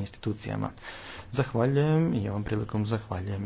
institucijama. Zahvaljujem i ovom prilikom zahvaljujem